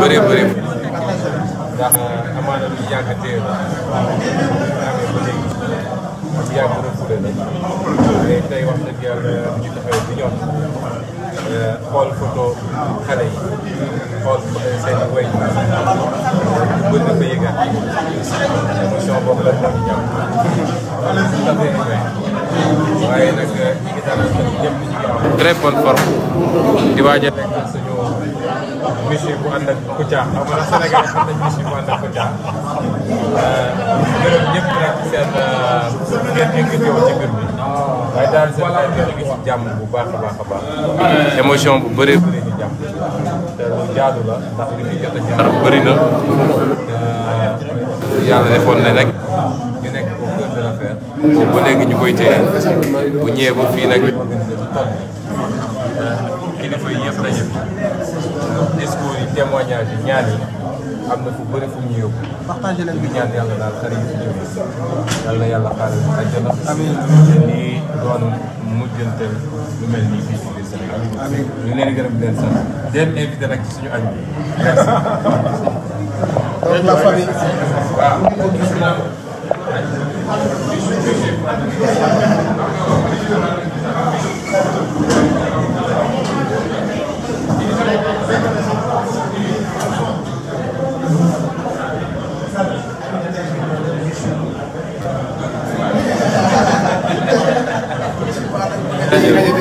bëri bëri ndax amaana lu yàgg tey la amee ba léegi ak yàgg na fule la mais tey wax dëgg yàlla ñu taxawee bi ñoom xool photo xale yi xool seen way ñu bëri na ko yëgaat émission boobu la ñu ñëw. waaye nag eh, ñi ngi dalal seen jëm ci très bonne forme di waaj a nekk suñu mission bu ànd ak Kouthia xaw ma la Sénégal xam nañ mission bu ànd ak Kouthia euh, gërëm ñëpp nag seen euh, ngeen éngitéw ci mbir bi waaye daal seen ay ngeen gis jàmm bu baax a baax a baax émotion bu bëree bëri ñu jàmm te lu jaadu la ndax li ñuy jot a jaar bëri na yàlla defoon ne nag boobu ba ñu koy téye bu ñëwee fii nag kilifa yi yëpp daje discours yi témoignage yi yi am na fu bari fu ñu yóbbu ñu ñaan yàlla daal xar yi fi jóge yàlla yàlla xaaral àjjana nii doon mujjanteel lu mel nii fii ci biir Sénégal ñu leen gërëm di leen sant di leen invité nag ci suñu añ bi É. je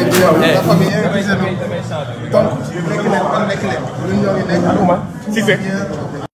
então, voudrais é que les, é que les,